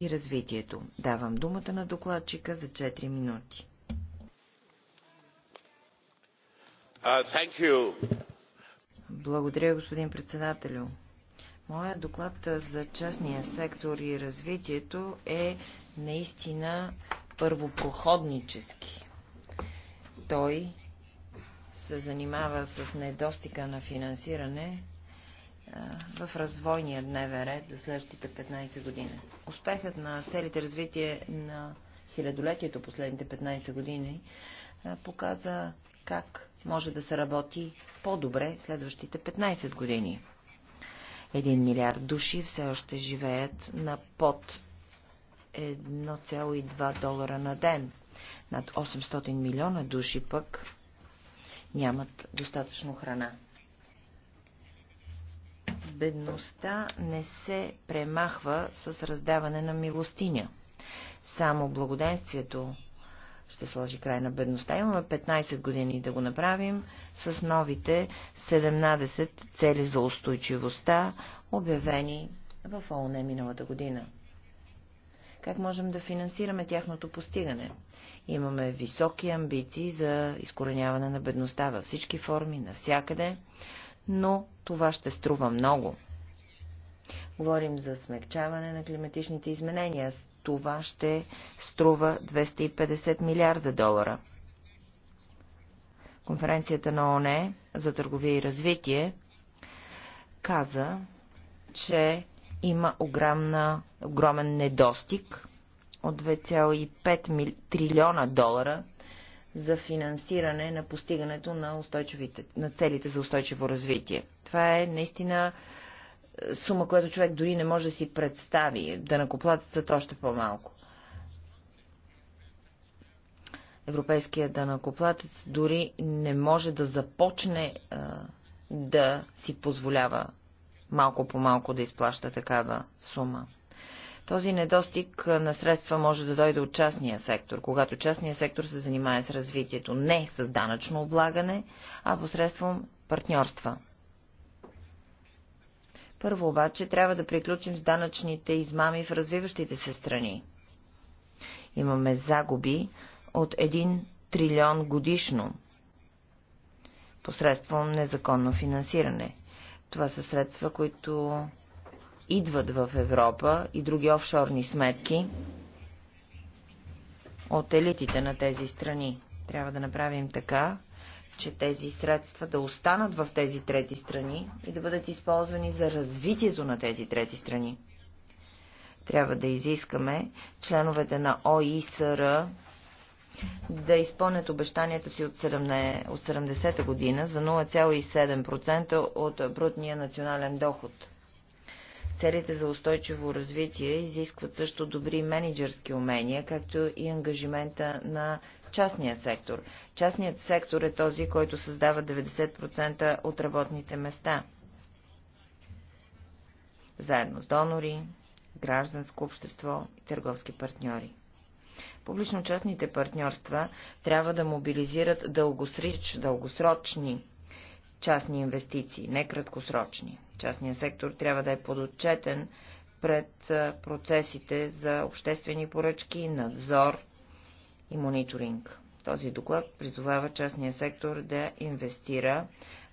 и развитието. Давам думата на докладчика за 4 минути. Uh, Благодаря, господин председателю. Моя доклад за частния сектор и развитието е наистина първопроходнически. Той се занимава с недостига на финансиране в развойния дневен ред за следващите 15 години. Успехът на целите развитие на хилядолетието последните 15 години показа как може да се работи по-добре следващите 15 години. Един милиард души все още живеят на под 1,2 долара на ден. Над 800 милиона души пък нямат достатъчно храна бедността не се премахва с раздаване на милостиня. Само благоденствието ще сложи край на бедността. Имаме 15 години да го направим с новите 17 цели за устойчивостта, обявени в ООН миналата година. Как можем да финансираме тяхното постигане? Имаме високи амбиции за изкореняване на бедността във всички форми, навсякъде но това ще струва много. Говорим за смягчаване на климатичните изменения. Това ще струва 250 милиарда долара. Конференцията на ОНЕ за търговия и развитие каза, че има огромна, огромен недостиг от 2,5 трилиона долара за финансиране на постигането на, на целите за устойчиво развитие. Това е наистина е, сума, която човек дори не може да си представи, да накоплатецът още по-малко. Европейският данакоплатец дори не може да започне а, е, да си позволява малко по малко да изплаща такава сума. Този недостиг на средства може да дойде от частния сектор, когато частния сектор се занимае с развитието не с данъчно облагане, а посредством партньорства. Първо обаче трябва да приключим с данъчните измами в развиващите се страни. Имаме загуби от 1 трилион годишно посредством незаконно финансиране. Това са средства, които идват в Европа и други офшорни сметки от елитите на тези страни. Трябва да направим така, че тези средства да останат в тези трети страни и да бъдат използвани за развитието на тези трети страни. Трябва да изискаме членовете на ОИСР да изпълнят обещанията си от 70-та година за 0,7% от брутния национален доход – Целите за устойчиво развитие изискват също добри менеджерски умения, както и ангажимента на частния сектор. Частният сектор е този, който създава 90% от работните места. Заедно с донори, гражданско общество и търговски партньори. Публично-частните партньорства трябва да мобилизират дългосрич, дългосрочни частни инвестиции, не краткосрочни. Частният сектор трябва да е подотчетен пред процесите за обществени поръчки, надзор и мониторинг. Този доклад призовава частния сектор да инвестира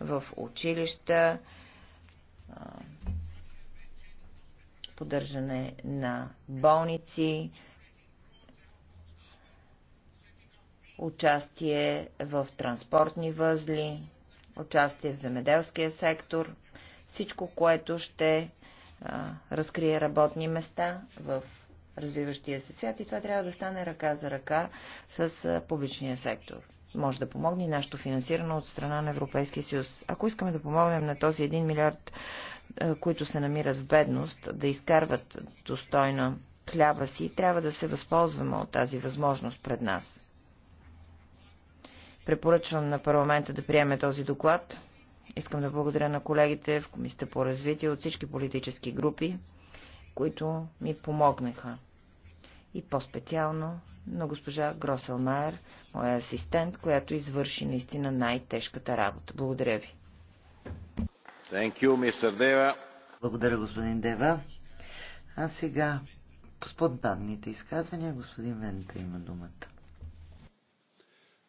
в училища, поддържане на болници, участие в транспортни възли, участие в земеделския сектор, всичко, което ще разкрие работни места в развиващия се свят и това трябва да стане ръка за ръка с публичния сектор. Може да помогне нашето финансиране от страна на Европейския съюз. Ако искаме да помогнем на този 1 милиард, които се намират в бедност, да изкарват достойно хляба си, трябва да се възползваме от тази възможност пред нас. Препоръчвам на парламента да приеме този доклад. Искам да благодаря на колегите в Комисията по развитие от всички политически групи, които ми помогнаха. И по-специално на госпожа Гроселмайер, моя асистент, която извърши наистина най-тежката работа. Благодаря ви. Thank you, Mr. Deva. Благодаря, господин Дева. А сега, данните изказвания, господин Вента има думата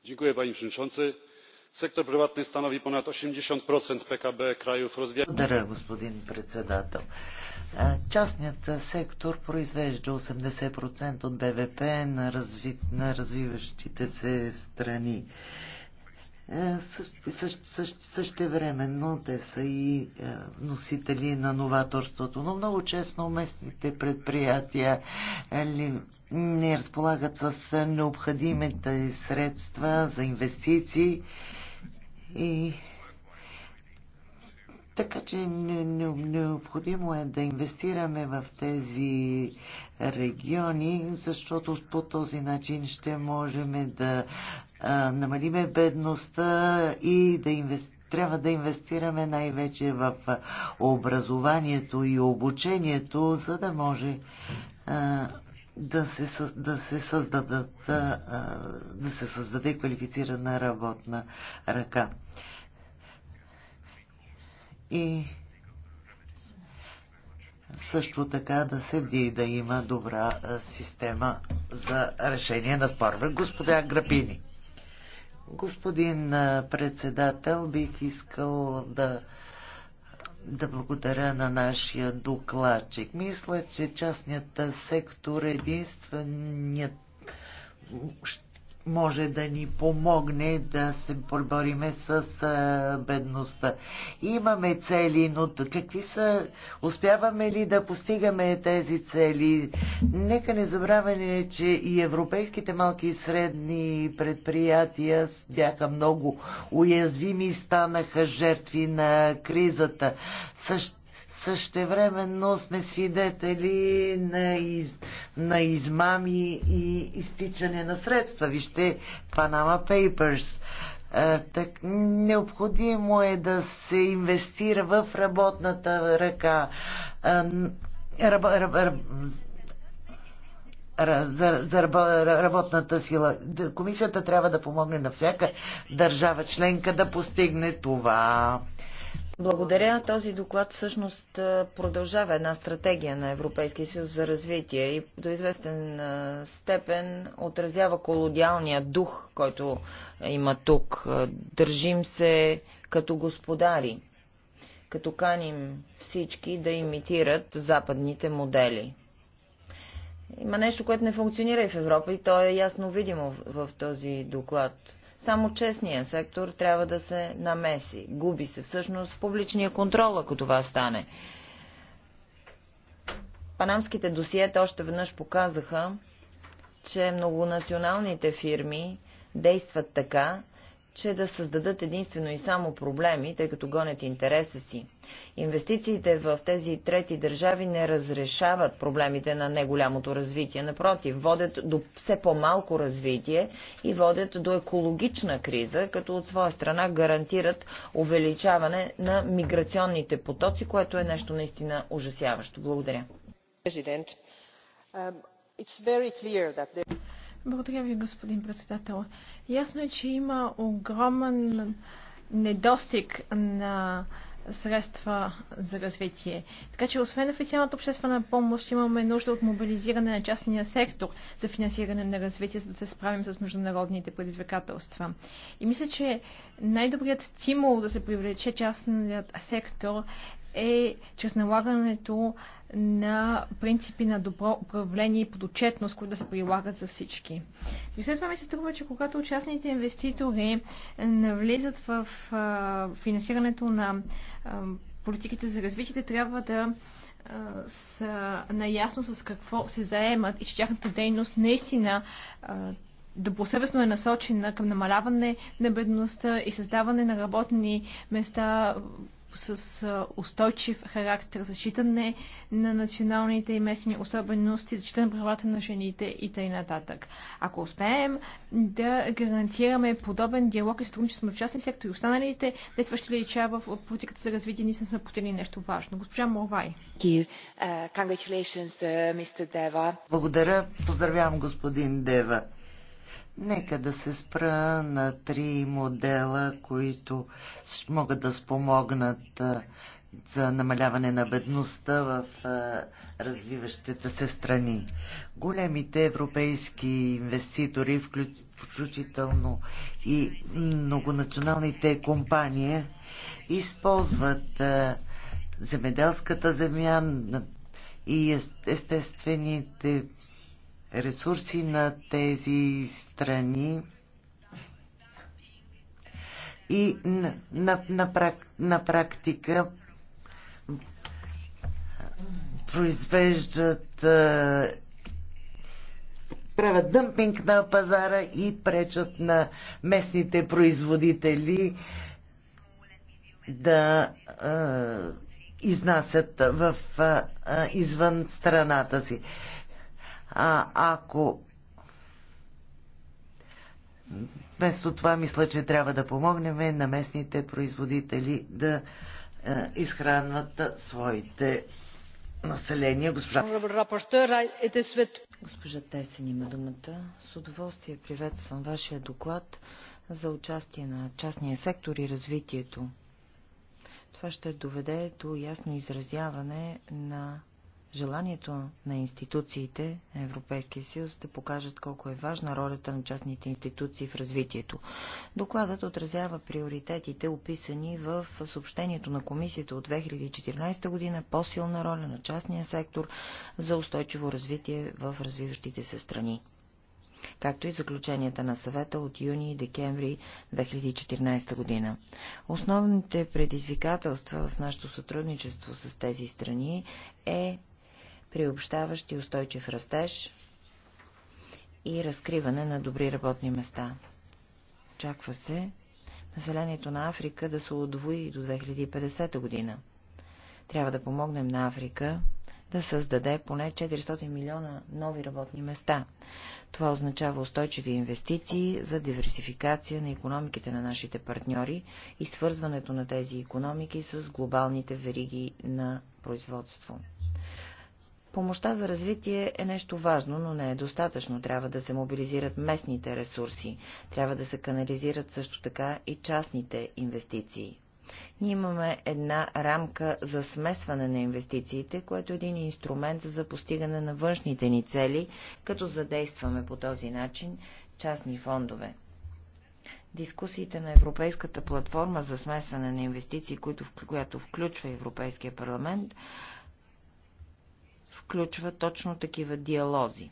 panie przewodniczący! sektor prywatny stanowi ponad osiemdziesiąt pkb krajów rozwijających Частният сектор произвежда 80% от БВП на, разви... на развиващите се страни. Същ, същ, същевременно те са и носители на новаторството, но много честно местните предприятия ли, не разполагат с необходимите средства за инвестиции и така че необходимо е да инвестираме в тези региони, защото по този начин ще можем да намалиме бедността и да инвестираме трябва да инвестираме най-вече в образованието и обучението, за да може да се, да се създадат, да се създаде квалифицирана работна ръка. И също така да се вди да има добра система за решение на спорове. Господа Грапини. Господин председател, бих искал да да благодаря на нашия докладчик. Мисля, че частният сектор е единственият може да ни помогне да се пребориме с а, бедността. Имаме цели, но какви са, успяваме ли да постигаме тези цели? Нека не забравяме, че и европейските малки и средни предприятия бяха много уязвими и станаха жертви на кризата. Същ... Същевременно сме свидетели на из на измами и изтичане на средства. Вижте Panama Papers. Е, так, необходимо е да се инвестира в работната ръка. Е, раб, раб, раб, за, за работната сила. Комисията трябва да помогне на всяка държава членка да постигне това. Благодаря. Този доклад всъщност продължава една стратегия на Европейския съюз за развитие и до известен степен отразява колодиалния дух, който има тук. Държим се като господари, като каним всички да имитират западните модели. Има нещо, което не функционира и в Европа и то е ясно видимо в този доклад само честния сектор трябва да се намеси. Губи се всъщност публичния контрол, ако това стане. Панамските досиета още веднъж показаха, че многонационалните фирми действат така, че да създадат единствено и само проблеми, тъй като гонят интереса си. Инвестициите в тези трети държави не разрешават проблемите на неголямото развитие. Напротив, водят до все по-малко развитие и водят до екологична криза, като от своя страна гарантират увеличаване на миграционните потоци, което е нещо наистина ужасяващо. Благодаря. Благодаря ви, господин председател. Ясно е, че има огромен недостиг на средства за развитие. Така че освен официалната обществена помощ, имаме нужда от мобилизиране на частния сектор за финансиране на развитие, за да се справим с международните предизвикателства. И мисля, че най-добрият стимул да се привлече частният сектор е чрез налагането на принципи на добро управление и подотчетност, които да се прилагат за всички. И след това ми се струва, че когато частните инвеститори навлизат в финансирането на политиките за развитие, трябва да са наясно с какво се заемат и че тяхната дейност наистина добросъвестно е насочена към намаляване на бедността и създаване на работни места с устойчив характер, зачитане на националните и местни особености, зачитане на правата на жените и т.н. Ако успеем да гарантираме подобен диалог и сътрудничество на частния сектор и останалите ще лича в политиката за развитие, ние сме потели нещо важно. Госпожа Морвай. Uh, uh, Благодаря. Поздравявам господин Дева. Нека да се спра на три модела, които могат да спомогнат за намаляване на бедността в развиващите се страни. Големите европейски инвеститори, включително и многонационалните компании, използват земеделската земя и естествените ресурси на тези страни и на, на, на, прак, на практика произвеждат правят дъмпинг на пазара и пречат на местните производители да а, изнасят в а, извън страната си. А, ако вместо това мисля, че трябва да помогнем на местните производители да е, изхранват своите населения. Госпожа... Е Госпожа Тесен има думата. С удоволствие приветствам вашия доклад за участие на частния сектор и развитието. Това ще доведе до ясно изразяване на желанието на институциите на Европейския съюз да покажат колко е важна ролята на частните институции в развитието. Докладът отразява приоритетите, описани в съобщението на комисията от 2014 година по-силна роля на частния сектор за устойчиво развитие в развиващите се страни както и заключенията на съвета от юни и декември 2014 година. Основните предизвикателства в нашето сътрудничество с тези страни е приобщаващ и устойчив растеж и разкриване на добри работни места. Очаква се населението на Африка да се удвои до 2050 година. Трябва да помогнем на Африка да създаде поне 400 милиона нови работни места. Това означава устойчиви инвестиции за диверсификация на економиките на нашите партньори и свързването на тези економики с глобалните вериги на производство. Помощта за развитие е нещо важно, но не е достатъчно. Трябва да се мобилизират местните ресурси. Трябва да се канализират също така и частните инвестиции. Ние имаме една рамка за смесване на инвестициите, което е един инструмент за постигане на външните ни цели, като задействаме по този начин частни фондове. Дискусиите на Европейската платформа за смесване на инвестиции, която включва Европейския парламент, включва точно такива диалози.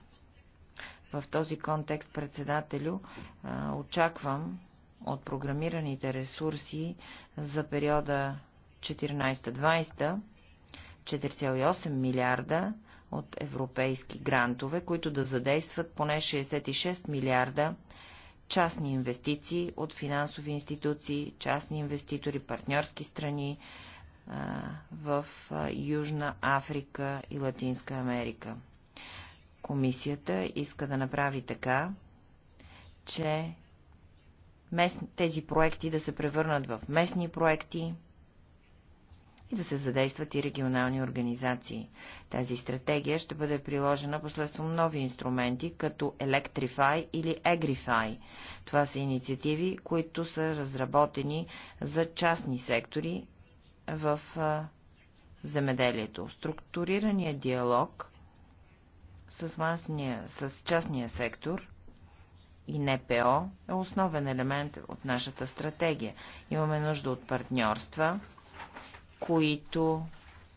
В този контекст, председателю, очаквам от програмираните ресурси за периода 14-20 4,8 милиарда от европейски грантове, които да задействат поне 66 милиарда частни инвестиции от финансови институции, частни инвеститори, партньорски страни, в Южна Африка и Латинска Америка. Комисията иска да направи така, че тези проекти да се превърнат в местни проекти и да се задействат и регионални организации. Тази стратегия ще бъде приложена посредством нови инструменти, като Electrify или Agrify. Това са инициативи, които са разработени за частни сектори в земеделието. Структурирания диалог с, масния, с частния сектор и НПО е основен елемент от нашата стратегия. Имаме нужда от партньорства, които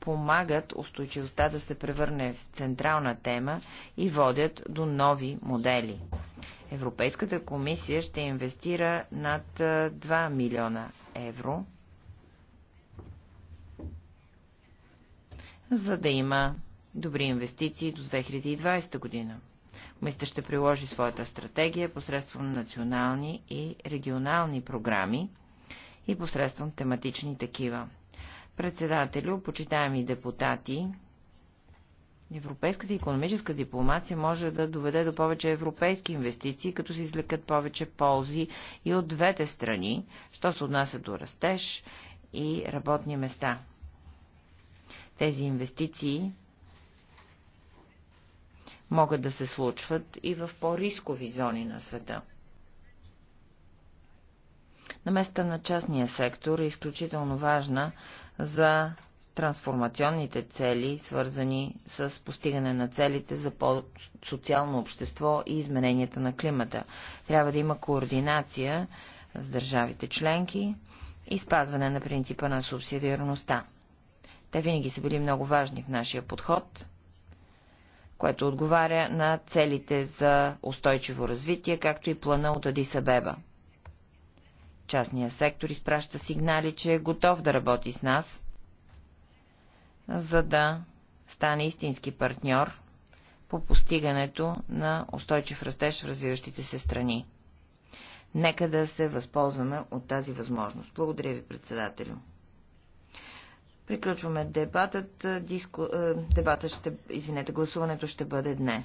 помагат устойчивостта да се превърне в централна тема и водят до нови модели. Европейската комисия ще инвестира над 2 милиона евро за да има добри инвестиции до 2020 година. Комисията ще приложи своята стратегия посредством национални и регионални програми и посредством тематични такива. Председателю, почитаеми депутати, Европейската економическа дипломация може да доведе до повече европейски инвестиции, като се извлекат повече ползи и от двете страни, що се отнася до растеж и работни места. Тези инвестиции могат да се случват и в по-рискови зони на света. Наместа на частния сектор е изключително важна за трансформационните цели, свързани с постигане на целите за по-социално общество и измененията на климата. Трябва да има координация с държавите членки и спазване на принципа на субсидиарността. Те винаги са били много важни в нашия подход, което отговаря на целите за устойчиво развитие, както и плана от Адисабеба. Частният сектор изпраща сигнали, че е готов да работи с нас, за да стане истински партньор по постигането на устойчив растеж в развиващите се страни. Нека да се възползваме от тази възможност. Благодаря ви, председателю. Приключваме дебатът. Диско... Е, дебата ще... Извинете, гласуването ще бъде днес.